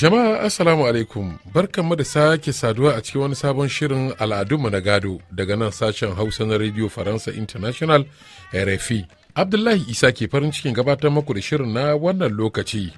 Jama'a Assalamu alaikum barkanmu da sake saduwa a cikin wani sabon shirin al'adunmu na gado daga nan sashen Hausa na Radio Faransa International RFI. Abdullahi Isa ke farin cikin gabatar muku da shirin na wannan lokaci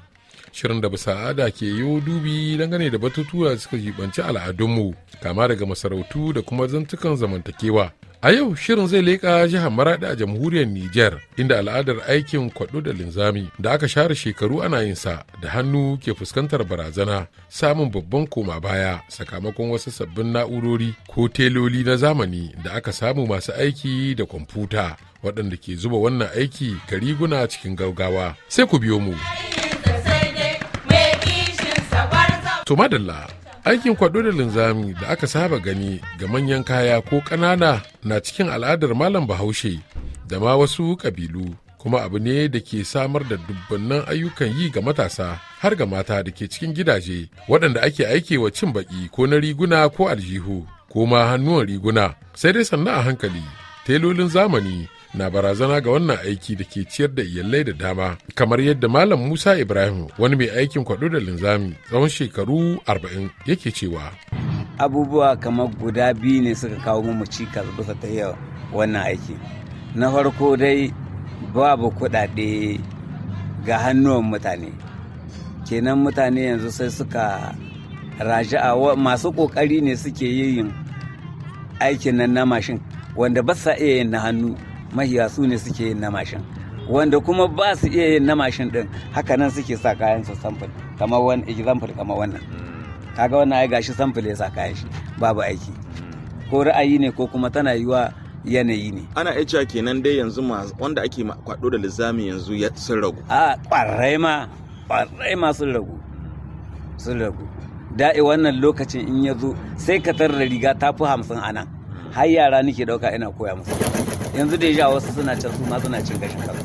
shirin da bisa ada ke yi dubi dangane da batutuwa suka jibanci al'adunmu kama daga masarautu da kuma zantukan zamantakewa a yau shirin zai leƙa jihar maraɗi a jamhuriyar nijar inda al'adar aikin kwaɗo da linzami da aka share shekaru ana yin sa da hannu ke fuskantar barazana samun babban koma baya sakamakon wasu sabbin na'urori ko teloli na zamani da aka samu masu aiki da kwamfuta waɗanda ke zuba wannan aiki ga riguna cikin gaugawa sai ku biyo mu. To madalla, aikin kwaɗo da linzami da aka saba gani ga manyan kaya ko ƙanana na cikin al'adar malam bahaushe da ma wasu ƙabilu kuma abu ne da ke samar da dubbannan ayyukan yi ga matasa har ga mata da ke cikin gidaje waɗanda ake aike wa cin baƙi ko na riguna ko aljihu ko ma hannuwan riguna sai dai sannan a hankali telolin zamani na barazana ga wannan aiki da ke ciyar da iyalai da dama kamar yadda malam musa ibrahim wani mai aikin kwado da linzami tsawon shekaru 40 yake cewa abubuwa kamar guda biyu ne suka kawo mu cikas bisa ta yau wannan aiki na farko dai babu kuɗaɗe ga hannuwan mutane kenan mutane yanzu sai suka raja'a masu ƙoƙari ne suke yin aikin nan na mashin wanda ba sa iya yin na hannu mahiya su ne suke yin na mashin wanda kuma ba su iya yin na mashin din haka nan suke sa kayan su samfil kamar wani example kamar wannan kaga wannan ai gashi samfil ya sa kayan shi babu aiki ko ra'ayi ne ko kuma tana yiwa yanayi ne ana iya kenan dai yanzu wanda ake kwado da lizami yanzu ya sun ragu a kwarai ma kwarai ma sun ragu sun ragu da'i wannan lokacin in ya zo sai ka tarra riga ta fi hamsin a nan har yara nake dauka ina koya musu yanzu da ya wasu suna can su ma suna cin gashin kansu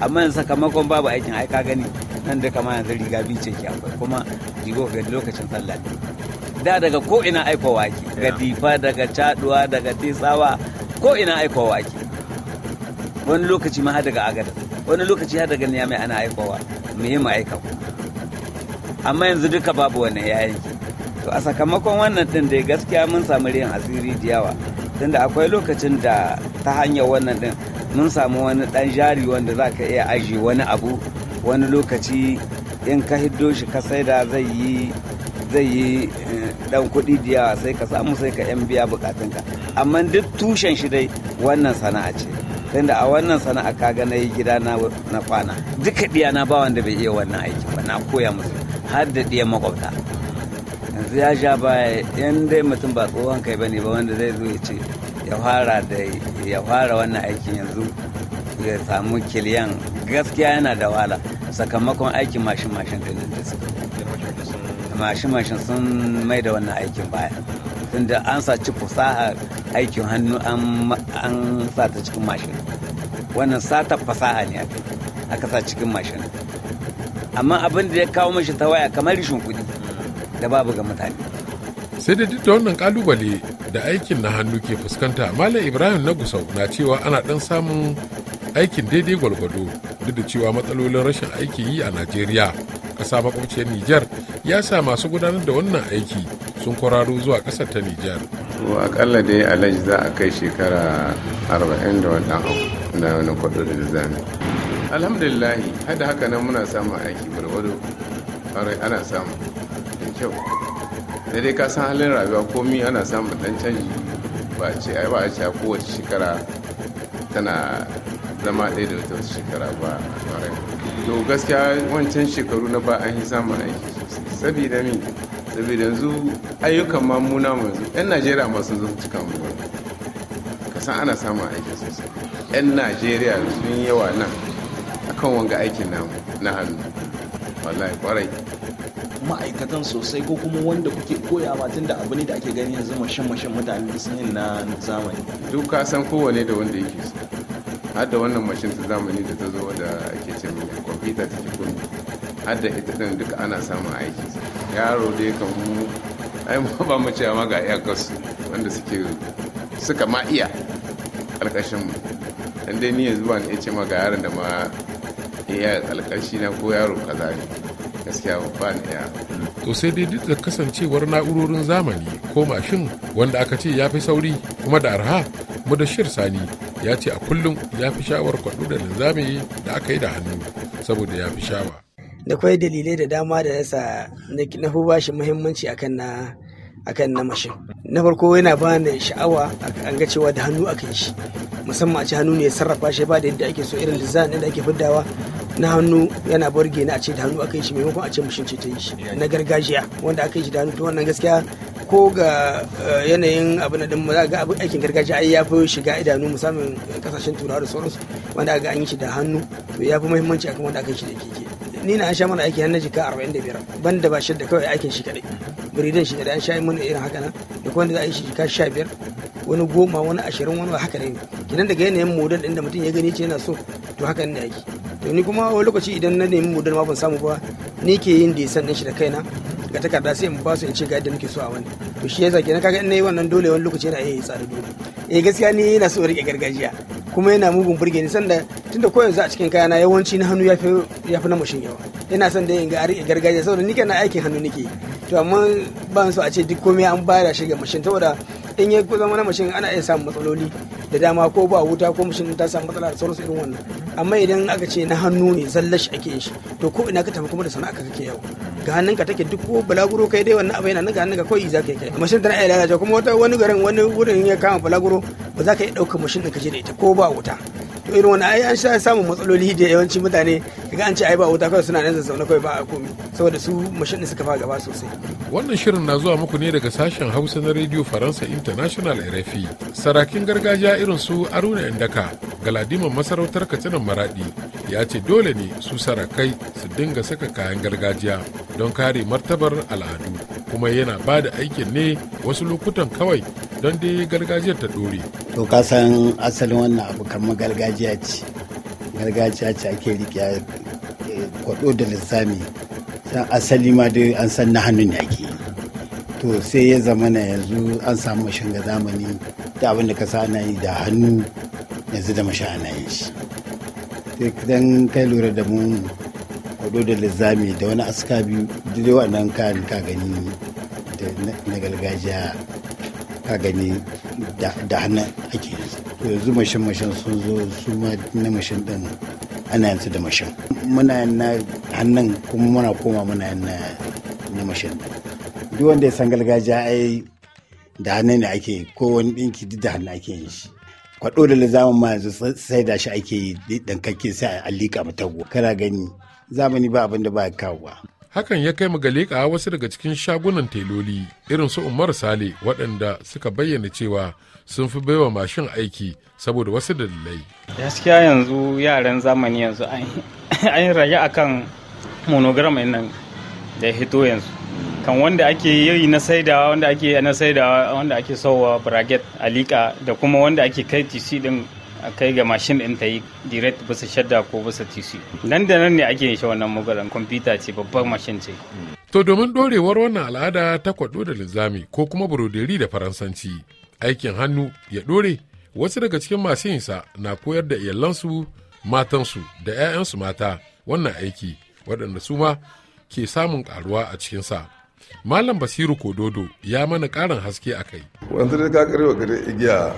amma yanzu sakamakon babu aikin ai ka gani nan da kama yanzu riga biyu ce ke akwai kuma jigo ga lokacin sallah da daga ko ina aikowa ake ga difa daga Chaduwa daga tesawa ko ina aikowa ake wani lokaci ma daga agada wani lokaci har daga niyamai ana aikowa mu yi ku amma yanzu duka babu wannan yayin to a sakamakon wannan din da gaskiya mun samu riyan asiri da yawa tunda akwai lokacin da ta hanyar wannan din mun samu wani dan jari wanda za ka iya aji wani abu wani lokaci in ka hiddo shi ka saida zai yi zai yi dan eh, kuɗi da yawa sai ka samu sai ka yan biya bukatunka amma duk tushen shi dai wannan sana'a ce tunda a wannan sana'a kaga na yi gida na kwana duka ɗiya na ba wanda bai iya wannan aiki ba na koya musu har da ɗiyan makwabta yanzu ya sha baya in dai mutum ba tsohon kai bane ba wanda zai zo ya ce ya fara da ya fara wannan aikin yanzu ya samu kiliyan gaskiya yana da wahala sakamakon aikin mashin mashin da da suka mashin mashin sun mai da wannan aikin baya tunda an sa ci fasaha aikin hannu an sa ta cikin mashin wannan sata fasaha ne aka sa cikin mashin amma abin da ya kawo mashi ta waya kamar rishin kuɗi da babu ga mutane sai da duk da wannan kalubale da aikin na hannu ke fuskanta malam ibrahim na gusau na cewa ana dan samun aikin daidai gwalgwado duk da cewa matsalolin rashin aiki yi a najeriya ƙasa makwabciyar nijar ya sa masu gudanar da wannan aiki sun kwararo zuwa ƙasar ta nijar akalla dai alaji za a kai shekara 40 da wani abu na wani kwado da zane alhamdulillahi hada haka nan muna samun aiki gwalgwado ana samu kyau da dai ka san halin rayuwa komi ana samun dan canji ba a ce ba a ce a kowace shekara tana zama ɗaya da wata shekara ba a to gaskiya wancan shekaru na ba an yi samun aiki saboda mi saboda yanzu ayyukan ma mu yanzu yan najeriya masu zuwa cikin mu ka san ana samun aiki sosai yan najeriya sun yawa nan akan wanga aikin namu na hannu wallahi kwarai ma'aikatan sosai ko kuma wanda kuke koya ma tunda abu ne da ake gani yanzu mashin mashin mutane sun yin na zamani duk ka san kowane da wanda yake so har da wannan mashin ta zamani da ta zo da ake ce mai kwamfuta ta ke kunni har da ita din duka ana samun aiki yaro dai kan mu ai ma ba mu cewa ma ga iyakarsu wanda suke suka ma iya alkashin mu dan dai ni yanzu ba ni ce ma ga yaron da ma iya alƙarshi na ko yaro kaza ne gaskiya babban daya to sai dai duk da kasancewar na'urorin zamani ko mashin wanda aka ce ya fi sauri kuma da arha shir sani ya ce a kullum ya fi shawar kwaɗo da linzami da aka yi da hannu saboda ya fi shawa da kwai dalilai da dama da yasa na fi ba shi muhimmanci akan na na mashin na farko yana ba da sha'awa an ga cewa da hannu aka shi musamman a ci hannu ne ya sarrafa shi ba da yadda ake so irin design da ake fiddawa na hannu yana burge ni a ce da hannu aka yi shi maimakon a ce mashin ce ta yi shi na gargajiya wanda aka yi shi da hannu to wannan gaskiya ko ga eh, yanayin abu na mu ga abin aikin gargajiya ai ya fi shiga idanu musamman kasashen turawa da sauransu wanda aka an yi shi da hannu to ya fi muhimmanci akan wanda aka yi shi da keke ni na an sha mana aiki har na jika 45 banda ba shi da kawai aikin shi kadai buridan shi kadai an sha mana irin haka nan da kuma za a yi shi jika 15 wani goma wani ashirin wani haka ne kinan daga yanayin modan din da mutum ya gani ce yana so to haka ne ake ni kuma wani lokaci idan na nemi mudan ma ban samu ba ni ke yin da san shi da kaina ga takarda sai in ba su in ce ga yadda muke so a wani to shi yasa kenan kaga in nayi wannan dole wani lokaci yana iya tsara dole eh gaskiya ni yana so rike gargajiya kuma yana mugun burge ni sanda tunda ko yanzu a cikin kayana yawanci na hannu yafi yafi na mushin yawa ina son da in ga rike gargajiya saboda ni kana aikin hannu nake to amma ban so a ce duk komai an bayar shi ga mushin saboda in ya zama na mashin ana iya samun matsaloli da dama ko ba wuta ko mashin ta samu matsala da sauransu irin wannan amma idan aka ce na hannu ne zallashi ake shi to ko ina ka tafi kuma da sana'a kake yau ga hannun ka take duk ko balaguro kai dai wannan abin nan ga hannun ka koyi za ka kai mashin tana iya lalace kuma wani garin wani wurin ya kama balaguro ba za ka iya ɗaukar mashin da ka je da ita ko ba wuta to irin wani ai an sha samun matsaloli da yawanci mutane daga an ce ai ba wuta kawai suna nan zazzauna kawai ba a komi saboda su mashin suka fara gaba sosai wannan shirin na zuwa muku ne daga sashen hausa na radio faransa international rfi sarakin gargajiya irin su aruna indaka galadiman masarautar katsinan maradi ya ce dole ne su sarakai su dinga saka kayan gargajiya don kare martabar al'adu kuma yana ba da aikin ne wasu lokutan kawai don dai gargajiyar ta dore to ka san asalin wannan abu kamar gargajiya ce gargajiya ce ake riƙe eh, kwaɗo da lissami san asali ma dai an san na hannun yaki to sai ya zama na yanzu an samu mashin ga zamani da abin da ka sa ana yi da hannu yanzu da mashi ana yin shi sai dan kai lura da mu kwado da lissami da wani aska biyu duk waɗannan kayan ka gani na gargajiya ka gani da hannun ake yanzu mashin mashin sun zo su ma na mashin din ana yanzu da mashin muna na hannun kuma muna koma muna yana na mashin duk wanda ya san gargajiya ai da hannun ne ake ko wani dinki duk da hannun ake yin shi kwaɗo da lizamin ma yanzu sai da shi ake yi dankakke sai a liƙa mata kana gani zamani ba abin da ba ba hakan ya kai mu ga wasu daga cikin shagunan teloli irin su umar sale waɗanda suka bayyana cewa sun fi baiwa mashin aiki saboda wasu dalilai gaskiya yanzu yaran zamani yanzu an yi rage akan monogram nan da ya hito yanzu kan wanda ake yi na saidawa wanda ake na saidawa wanda ake sauwa bracket alika da kuma wanda ake kai tisi din a kai ga mashin ɗin ta yi direct bisa shadda ko bisa tc nan da nan ne ake yin shi wannan mugaran kwamfuta ce babbar mashin ce to domin dorewar wannan al'ada ta kwaɗo da linzami ko kuma buroderi da faransanci aikin hannu ya dore wasu daga cikin masu yinsa na koyar da iyalansu matansu da 'ya'yansu mata wannan aiki waɗanda su ma ke samun ƙaruwa a cikinsa malam basiru kododo ya mana ƙarin haske a kai wanzu da ka karewa gare igiya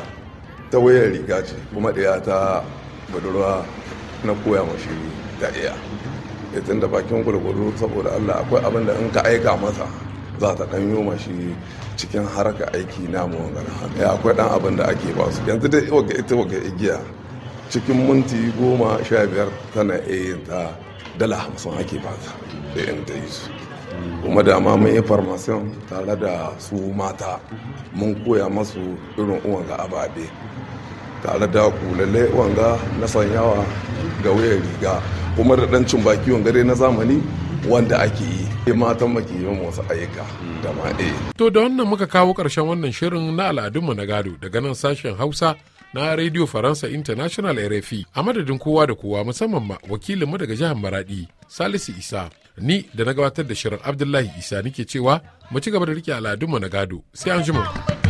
ta wayar riga ce kuma ɗaya ta budurwa na koya mashi ta iya itin da bakin gwargwaro saboda allah akwai abin da in ka aika masa za ta ɗan yi mashi cikin haraka aiki namu wangar ya akwai ɗan abin da ake ba su yanzu dai waga ita waga igiya cikin minti goma sha biyar tana iya yin ta dala hamsin ake ba ta da in ta yi su kuma da ma mun yi farmasiyon tare da su mata mun koya masu irin uwanga ababe tare da kulale wanga na sanyawa ga wuyan riga kuma da dancin baki wanga dai na zamani wanda ake yi matan yi wasu ayyuka da ma eh. To da wannan muka kawo karshen wannan shirin na al'adunmu na gado daga nan sashen Hausa na Radio Faransa International RFI a madadin kowa da kowa musamman ma wakilinmu daga jihar Maradi Salisu Isa. ni da na gabatar da shirin abdullahi isa nike cewa mu ci gaba da rike al'adunmu na gado sai an jima